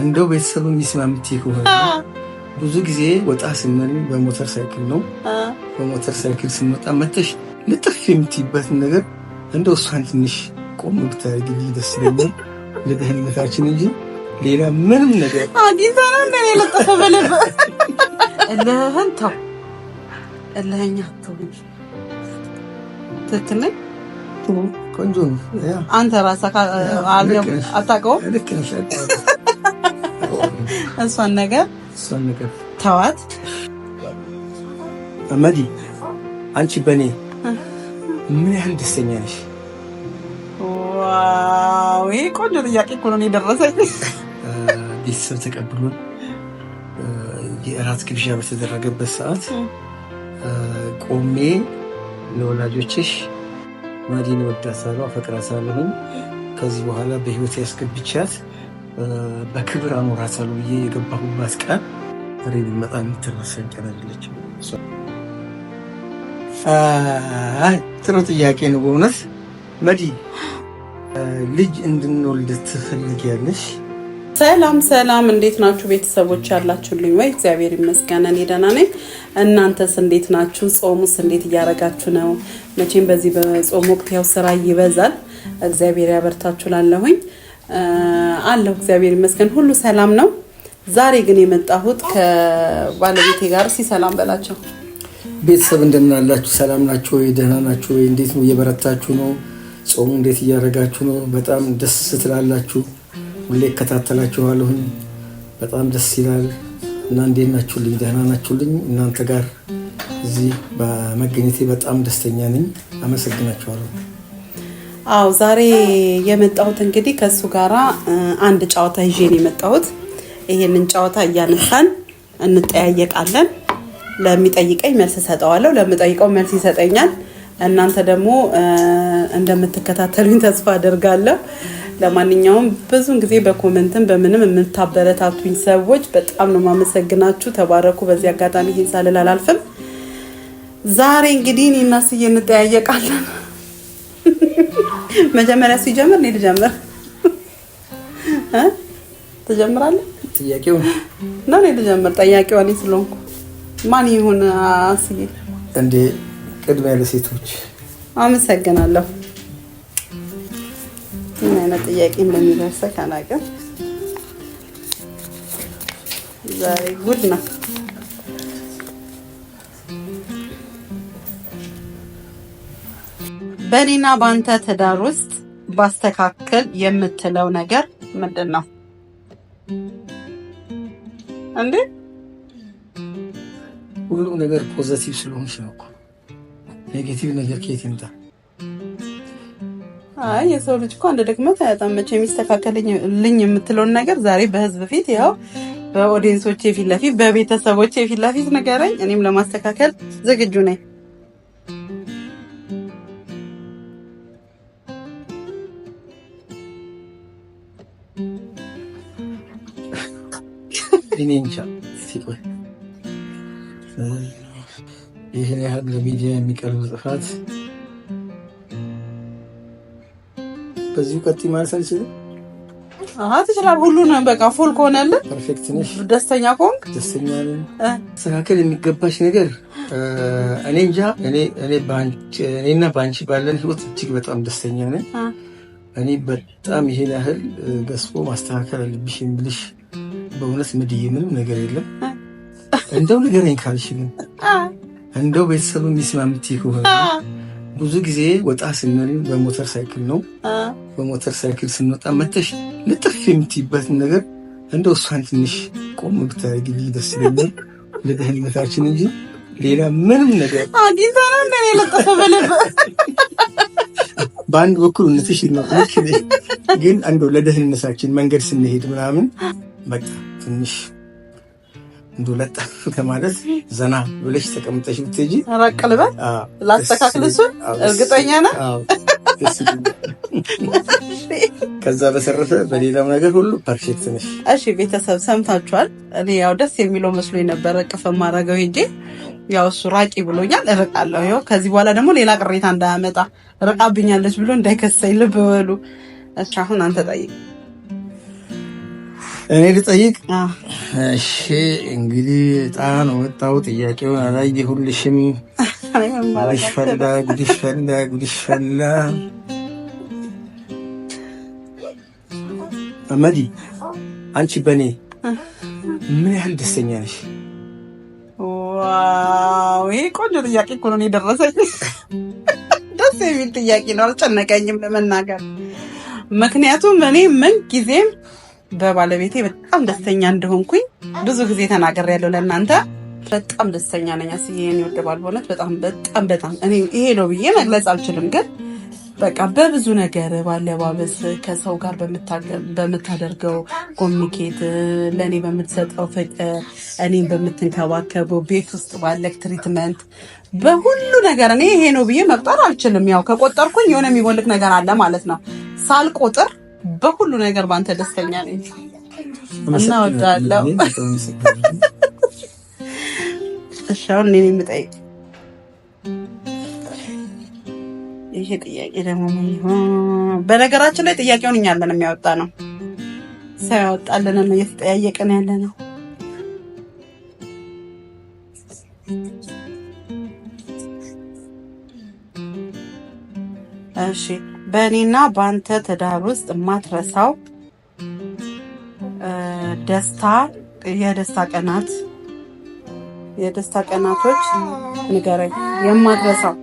እንደው ቤተሰብ የሚስማምት ከሆነ ብዙ ጊዜ ወጣ ስመን በሞተር ሳይክል ነው። በሞተር ሳይክል ስንወጣ መተሽ ልጥፍ የምትይበትን ነገር እንደው እሷን ትንሽ ቆም ብታደርጊ ደስ ይለኛል፣ ለደህንነታችን እንጂ ሌላ ምንም ነገር አጊዛ ነው እንደ የለጠፈ በለበ እልህን ተው፣ እልህኛ ተው። ትክክል ቆንጆ ነው። አንተ ራስህ አታውቀውም። ልክ ነሽ። እሷን ነገር እሷን ነገር ተዋት። መዲ አንቺ በኔ ምን ያህል ደስተኛ ነሽ? ዋው ይሄ ቆንጆ ጥያቄ እኮ ነው የደረሰኝ። ቤተሰብ ተቀብሎን የእራት ግብዣ በተደረገበት ሰዓት ቆሜ ለወላጆችሽ መዲን ወዳታለሁ፣ አፈቅራታለሁ ከዚህ በኋላ በህይወት ያስገብቻት በክብር አኖራታለሁ ብዬ የገባሁባት ቀን ሬ ቢመጣ የሚተረሰኝ ቀን ጥሩ ጥያቄ ነው በእውነት መዲ። ልጅ እንድንወልድ ትፈልጊያለሽ? ሰላም ሰላም፣ እንዴት ናችሁ ቤተሰቦች? ያላችሁልኝ ወይ? እግዚአብሔር ይመስገን እኔ ደህና ነኝ። እናንተስ እንዴት ናችሁ? ጾሙስ እንዴት እያደረጋችሁ ነው? መቼም በዚህ በጾም ወቅት ያው ስራ ይበዛል። እግዚአብሔር ያበርታችሁ ላለሁኝ አለው እግዚአብሔር ይመስገን፣ ሁሉ ሰላም ነው። ዛሬ ግን የመጣሁት ከባለቤቴ ጋር ሲሰላም በላቸው። ቤተሰብ እንደምናላችሁ ሰላም ናችሁ ወይ? ደህና ናችሁ ወይ? እንዴት ነው? እየበረታችሁ ነው? ጾሙ እንዴት እያደረጋችሁ ነው? በጣም ደስ ትላላችሁ። ሁሌ እከታተላችኋለሁኝ። በጣም ደስ ይላል እና እንዴት ናችሁልኝ? ደህና ናችሁልኝ? እናንተ ጋር እዚህ በመገኘቴ በጣም ደስተኛ ነኝ። አመሰግናችኋለሁ። አዎ ዛሬ የመጣሁት እንግዲህ ከእሱ ጋራ አንድ ጨዋታ ይዤ ነው የመጣሁት። ይሄንን ጨዋታ እያነሳን እንጠያየቃለን። ለሚጠይቀኝ መልስ እሰጠዋለሁ፣ ለምጠይቀው መልስ ይሰጠኛል። እናንተ ደግሞ እንደምትከታተሉኝ ተስፋ አደርጋለሁ። ለማንኛውም ብዙን ጊዜ በኮመንትም በምንም የምታበረታቱኝ ሰዎች በጣም ነው ማመሰግናችሁ። ተባረኩ። በዚህ አጋጣሚ ይህን ሳልል አላልፍም። ዛሬ እንግዲህ እኔና ስዬ እንጠያየቃለን። መጀመሪያ ሲጀምር እኔ ልጀምር እ ትጀምራለህ ጥያቄው ነው እኔ ልጀምር ጠያቂው እኔ ስለሆንኩ ማን ይሁን አስዬ እንዴ ቅድሚያ ለሴቶች አመሰግናለሁ ምን አይነት ጥያቄ እንደሚደርሰህ አላውቅም ዛሬ ጉድ ነው በኔና በአንተ ትዳር ውስጥ ባስተካከል የምትለው ነገር ምንድን ነው? እንዴ ሁሉ ነገር ፖዘቲቭ ስለሆንሽ ነው ኔጌቲቭ ነገር ከየት ይምጣ? አይ የሰው ልጅ እኮ አንድ ድክመት አያጣም። መቼም የሚስተካከልልኝ የምትለውን ነገር ዛሬ በህዝብ ፊት ያው በኦዲየንሶቼ ፊት ለፊት፣ በቤተሰቦቼ ፊት ለፊት ንገረኝ። እኔም ለማስተካከል ዝግጁ ነኝ። እኔ ይህን ያህል ለሚዲያ የሚቀርብ ጥፋት በዚሁ ቀጥይ ማለት አልችልም። አሀ ሁሉንም በቃ ፎል ከሆነልህ ፐርፌክት ነሽ። ደስተኛ ከሆንክ ደስተኛ ነኝ። አስተካከል የሚገባሽ ነገር እኔ እንጃ። እኔና በአንቺ ባለን ህይወት እጅግ በጣም ደስተኛ ነኝ። እኔ በጣም ይሄን ያህል ገስቦ ማስተካከል አለብሽ የምልሽ በእውነት ምድዬ ምንም ነገር የለም። እንደው ንገረኝ ካልሽ ግን እንደው ቤተሰብ የሚስማምት ከሆነ ብዙ ጊዜ ወጣ ስንል በሞተር ሳይክል ነው። በሞተር ሳይክል ስንወጣ መተሽ ልጥፍ የምትይበትን ነገር እንደው እሷን ትንሽ ቆም ብታደርጊልኝ ደስ ይለኛል፣ ለደህንነታችን እንጂ ሌላ ምንም ነገር እንደኔ ለጠፈ በለበ በአንድ በኩል እውነትሽ ነው፣ ግን እንደው ለደህንነታችን መንገድ ስንሄድ ምናምን በቃ ትንሽ እንዱለጥ ከማለት ዘና ብለሽ ተቀምጠሽ ብትሄጂ ራቅ ልበል ላስተካክል። እሱን እርግጠኛ ነህ? ከዛ በሰረፈ በሌላው ነገር ሁሉ ፐርፌክት ነሽ። እሺ ቤተሰብ ሰምታችኋል። እኔ ያው ደስ የሚለው መስሎ የነበረ ቅፍ ማድረገው ሄጄ ያው እሱ ራቂ ብሎኛል፣ እርቃለሁ። ይኸው ከዚህ በኋላ ደግሞ ሌላ ቅሬታ እንዳያመጣ ርቃብኛለች ብሎ እንዳይከሰኝ ልብ በሉ። እሺ አሁን አንተ ጠይቅ። እኔ ልጠይቅ። እሺ እንግዲህ ጣን ወጣው፣ ጥያቄውን አላየሁልሽም። ጉድሽ ፈላ፣ ጉድሽ ፈላ፣ ጉድሽ ፈላ። መዲ አንቺ በእኔ ምን ያህል ደስተኛ ነሽ? ዋው! ይሄ ቆንጆ ጥያቄ እኮ ነው የደረሰኝ። ደስ የሚል ጥያቄ ነው። አልጨነቀኝም ለመናገር ምክንያቱም እኔ ምን ጊዜም በባለቤቴ በጣም ደስተኛ እንደሆንኩኝ ብዙ ጊዜ ተናገር ያለው ለእናንተ በጣም ደስተኛ ነኝ። አስዬ የኔ ወደ ባል በእውነት በጣም በጣም በጣም እኔ ይሄ ነው ብዬ መግለጽ አልችልም፣ ግን በቃ በብዙ ነገር ባለባበስ፣ ከሰው ጋር በምታደርገው ኮሚኒኬት፣ ለእኔ በምትሰጠው ፍቅር፣ እኔም በምትንከባከበው ቤት ውስጥ ባለ ትሪትመንት፣ በሁሉ ነገር እኔ ይሄ ነው ብዬ መቁጠር አልችልም። ያው ከቆጠርኩኝ የሆነ የሚጎልቅ ነገር አለ ማለት ነው ሳልቆጥር በሁሉ ነገር በአንተ ደስተኛ ነኝ እና ወዳለው። እሺ አሁን እኔ የምጠይቅ ይሄ ጥያቄ ደግሞ በነገራችን ላይ ጥያቄውን እኛ አለን የሚያወጣ ነው ሰው ነው እየተጠያየቅን ያለ ነው። እሺ በእኔና በአንተ ትዳር ውስጥ የማትረሳው ደስታ የደስታ ቀናት የደስታ ቀናቶች ንገረኝ። የማትረሳው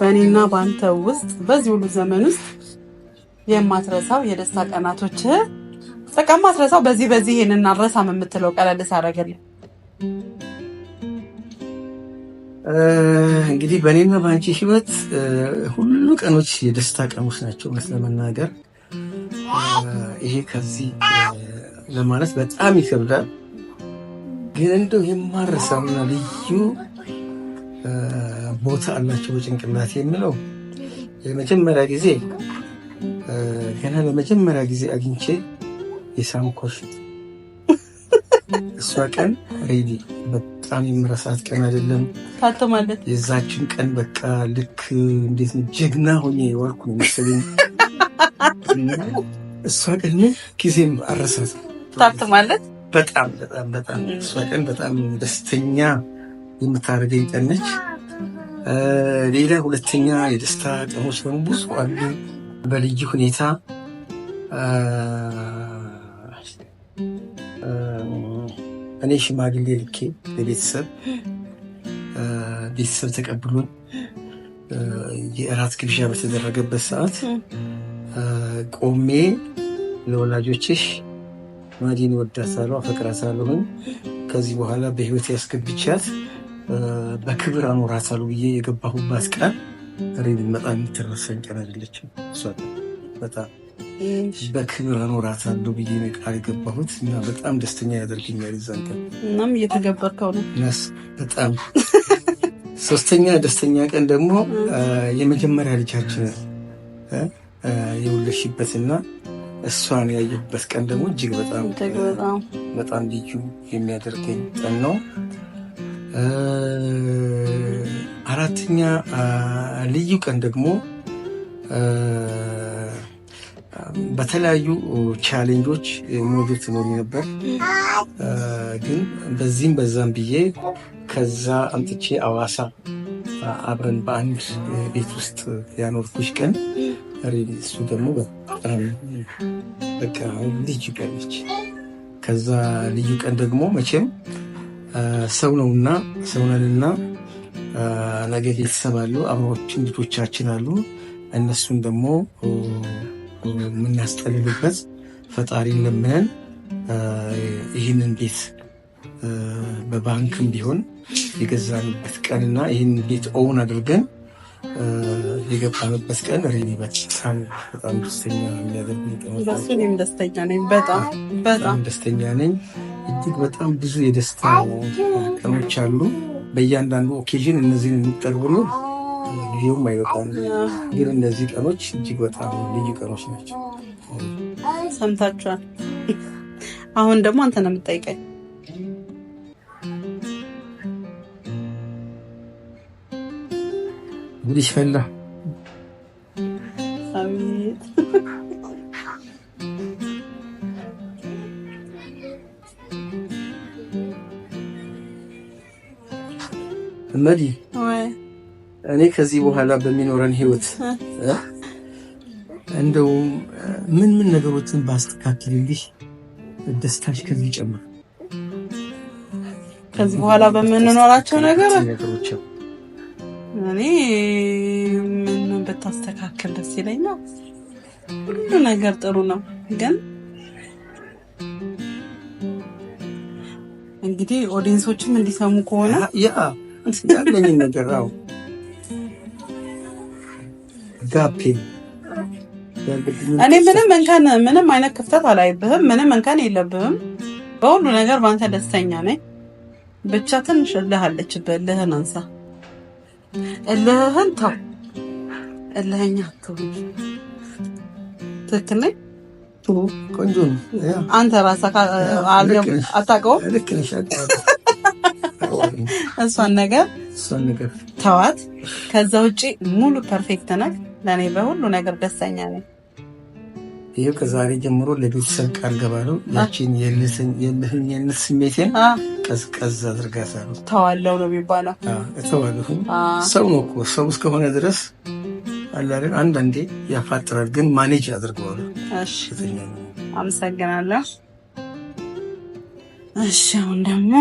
በእኔና በአንተ ውስጥ በዚህ ሁሉ ዘመን ውስጥ የማትረሳው የደስታ ቀናቶች በቃ የማትረሳው በዚህ በዚህ ይሄን እናረሳም የምትለው ቀለል ሳደርግልህ እንግዲህ በእኔና በአንቺ ህይወት ሁሉ ሁሉ ቀኖች የደስታ ቀኖች ናቸው። እውነት ለመናገር ይሄ ከዚህ ለማለት በጣም ይከብዳል። ግን እንደው የማረሳውና ልዩ ቦታ አላቸው በጭንቅላት የምለው የመጀመሪያ ጊዜ ገና ለመጀመሪያ ጊዜ አግኝቼ የሳምኮሽ እሷ ቀን ሬዲ በጣም የምረሳት ቀን አይደለም። ታቶ የዛችን ቀን በቃ ልክ እንዴት ነው ጀግና ሆኜ የዋልኩ መሰለኝ። እሷ ቀን ጊዜም አረሳት። ታቶ በጣም በጣም በጣም እሷ ቀን በጣም ደስተኛ የምታደርገኝ ቀን ነች። ሌላ ሁለተኛ የደስታ ቀኖች ደግሞ ብዙ አሉ። በልዩ ሁኔታ እኔ ሽማግሌ ልኬ ለቤተሰብ ቤተሰብ ተቀብሎን የእራት ግብዣ በተደረገበት ሰዓት ቆሜ ለወላጆችሽ ማዲን ወዳታለሁ፣ አፈቅራታለሁኝ ከዚህ በኋላ በህይወት ያስገብቻት በክብር አኖራታለሁ ብዬ የገባሁባት ቃል ሬ ልመጣ የምትረሳኝ ቀን አይደለችም። እሷ በጣም በክብር አኖራታለሁ ብዬ ቃል የገባሁት እና በጣም ደስተኛ ያደርግኛል። ይዛን ቀን እናም እየተገበርከው ነው። በጣም ሶስተኛ ደስተኛ ቀን ደግሞ የመጀመሪያ ልጃችንን የወለድሽበትና እሷን ያየሁበት ቀን ደግሞ እጅግ በጣም በጣም ልዩ የሚያደርገኝ ቀን ነው። አራተኛ ልዩ ቀን ደግሞ በተለያዩ ቻሌንጆች ሞዴል ትኖር ነበር። ግን በዚህም በዛም ብዬ ከዛ አምጥቼ አዋሳ አብረን በአንድ ቤት ውስጥ ያኖርኩሽ ቀን እሱ ደግሞ በጣም በቃ ልዩ ቀን ነች። ከዛ ልዩ ቀን ደግሞ መቼም ሰው ነውና ሰውነንና ነገ ቤተሰብ አሉ፣ አብሮችን ልጆቻችን አሉ። እነሱን ደግሞ የምናስጠልልበት ፈጣሪ ለምነን ይህንን ቤት በባንክም ቢሆን የገዛንበት ቀንና ይህን ቤት ኦውን አድርገን የገባንበት ቀን ሬኒ በጣም በጣም ደስተኛ የሚያደርጉ ደስተኛ ነኝ። በጣም በጣም ደስተኛ ነኝ። እጅግ በጣም ብዙ የደስታ ቀኖች አሉ። በእያንዳንዱ ኦኬዥን እነዚህን እንጠር ጊዜውም አይበቃም። ግን እነዚህ ቀኖች እጅግ በጣም ልዩ ቀኖች ናቸው። ሰምታችኋል። አሁን ደግሞ አንተ ነው የምጠይቀኝ። እንግዲህ ፈላ መዲህ እኔ ከዚህ በኋላ በሚኖረን ህይወት እንደው ምን ምን ነገሮችን ባስተካክልልሽ ደስታሽ ከዚህ ይጨምር። ከዚህ በኋላ በምንኖራቸው ነገር እኔ ምን ብታስተካክል ደስ ይለኛል። ሁሉ ነገር ጥሩ ነው፣ ግን እንግዲህ ኦዲየንሶችም እንዲሰሙ ከሆነ ያ ያለኝን ነገር አዎ ጋፔ እኔ ምንም እንከን ምንም አይነት ክፍተት አላይብህም። ምንም እንከን የለብህም። በሁሉ ነገር በአንተ ደስተኛ ነኝ። ብቻ ትንሽ እልህ አለችብህ። እልህን አንሳ፣ እልህህን ተው። እልህኛ አትሆን። ትክክል ነኝ። ቆንጆ ነው። አንተ ራስህ አታውቀውም። እሷን ነገር ተዋት። ከዛ ውጭ ሙሉ ፐርፌክት ነህ። ለእኔ በሁሉ ነገር ደስተኛ ነኝ። ይህ ከዛሬ ጀምሮ ለቤተሰብ ቃል ገባለሁ። ያችን የልህን ስሜቴን ቀዝቀዝ አድርጋታለሁ። ተዋለው ነው የሚባለው። ተዋለሁ ሰው ነው እኮ ሰው እስከሆነ ድረስ አላለን። አንዳንዴ ያፋጥራል፣ ግን ማኔጅ አድርገዋለሁ። አመሰግናለሁ። እሺ አሁን ደግሞ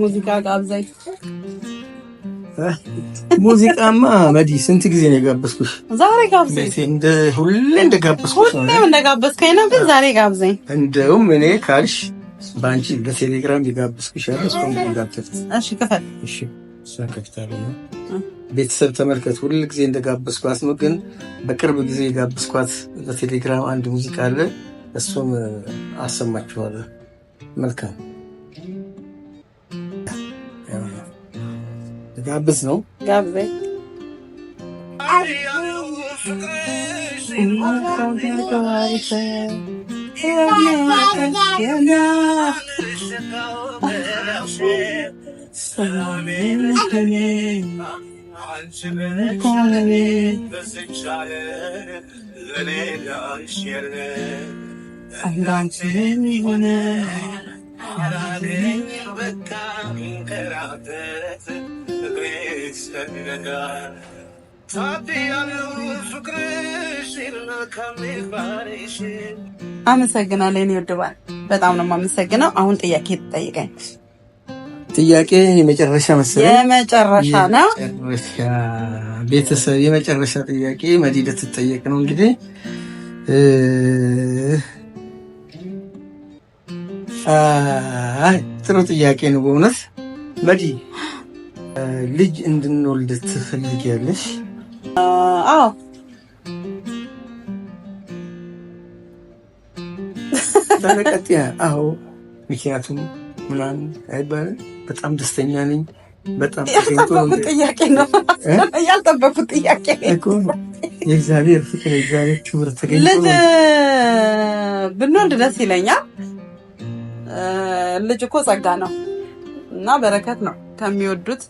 ሙዚቃ ሙዚቃማ መዲ ስንት ጊዜ ነው የጋበዝኩሽ? ዛሬ ጋብዘኝ። ሁሌ እንደጋበዝኩሽ ሁሌም እንደጋበዝከኝ ነው፣ ግን ዛሬ ጋብዘኝ። እንደውም እኔ ካልሽ በአንቺ በቴሌግራም የጋበዝኩሽ ያለ እስኮን እሺ ክፈል። እሺ ቤተሰብ ተመልከት። ሁል ጊዜ እንደጋበዝኳት ነው፣ ግን በቅርብ ጊዜ የጋበዝኳት በቴሌግራም አንድ ሙዚቃ አለ፣ እሱም አሰማችኋለሁ። መልካም ጋብዝ ነው ጋብዘኝ እንዳንቺ ፍቅሬት ሰደዳ አመሰግናለሁ የኔ ውድ በጣም ነው የማመሰግነው። አሁን ጥያቄ ትጠይቀኝ። ጥያቄ የመጨረሻ መሰለኝ፣ የመጨረሻ ነው። ቤተሰብ የመጨረሻ ጥያቄ መዲ ልትጠየቅ ነው እንግዲህ ጥሩ ጥያቄ ነው በእውነት መዲ ልጅ እንድንወልድ ትፈልጊያለሽ? አዎ። ተለቀጥ አዎ። ምክንያቱም ምናምን አይባልም። በጣም ደስተኛ ነኝ። በጣም ያልጠበኩት ጥያቄ ነው። ያልጠበኩት ጥያቄ የእግዚአብሔር ፍቅር የእግዚአብሔር ክብር ተገኝ። ልጅ ብንወልድ ደስ ይለኛል። ልጅ እኮ ጸጋ ነው እና በረከት ነው ከሚወዱት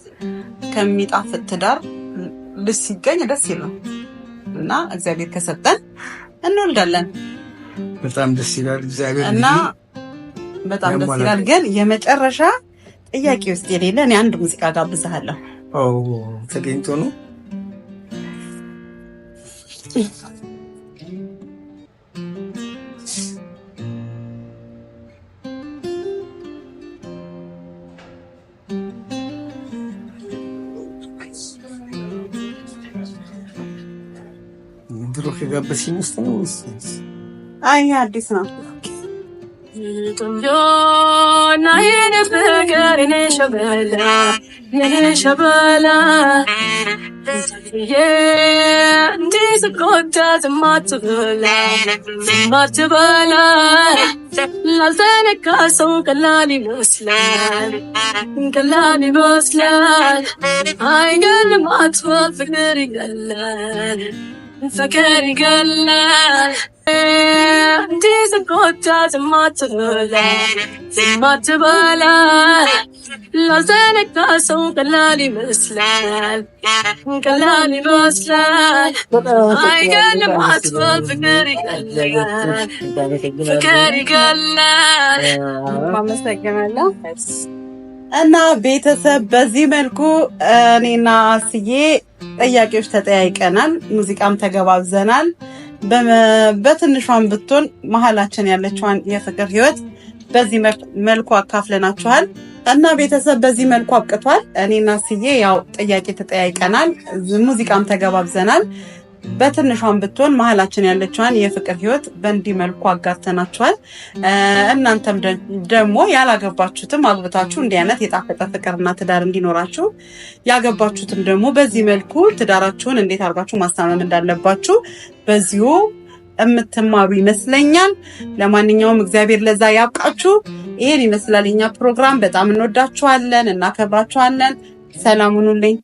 ከሚጣፍጥ ትዳር ልጅ ሲገኝ ደስ ይለው እና እግዚአብሔር ከሰጠን እንወልዳለን። በጣም ደስ ይላል። እግዚአብሔር እና በጣም ደስ ይላል። ግን የመጨረሻ ጥያቄ ውስጥ የሌለ እኔ አንድ ሙዚቃ ጋብዝሃለሁ። ተገኝቶ ነው ገበሽኝ ውስጥ ነው ወይስ? አይ አዲስ ነው። ላልተነካ ሰው ቀላል ይመስላል ቀላል ይመስላል አይገልም አጥፋት ፍቅር ይገላል ፍቅር ይገላል። እንዲህ ስንጎዳ ዝም አትበል ዝም አትበል። ለዘነጋ ሰው ቀላል ይመስላል ቀላል ይመስላል። አይገለም አስበል ፍቅር ይገላል ፍቅር ይገላል። አመሰግናለሁ። እና ቤተሰብ በዚህ መልኩ እኔና አስዬ ጥያቄዎች ተጠያይቀናል፣ ሙዚቃም ተገባብዘናል። በትንሿን ብትሆን መሀላችን ያለችዋን የፍቅር ህይወት በዚህ መልኩ አካፍለናችኋል እና ቤተሰብ በዚህ መልኩ አብቅቷል። እኔና ስዬ ያው ጥያቄ ተጠያይቀናል፣ ሙዚቃም ተገባብዘናል። በትንሿም ብትሆን መሀላችን ያለችዋን የፍቅር ህይወት በእንዲህ መልኩ አጋተናችኋል። እናንተም ደግሞ ያላገባችሁትም አግብታችሁ እንዲህ አይነት የጣፈጠ ፍቅርና ትዳር እንዲኖራችሁ፣ ያገባችሁትም ደግሞ በዚህ መልኩ ትዳራችሁን እንዴት አድርጋችሁ ማስታመም እንዳለባችሁ በዚሁ የምትማሩ ይመስለኛል። ለማንኛውም እግዚአብሔር ለዛ ያብቃችሁ። ይሄን ይመስላል የኛ ፕሮግራም። በጣም እንወዳችኋለን፣ እናከብራችኋለን። ሰላም ሁኑልኝ።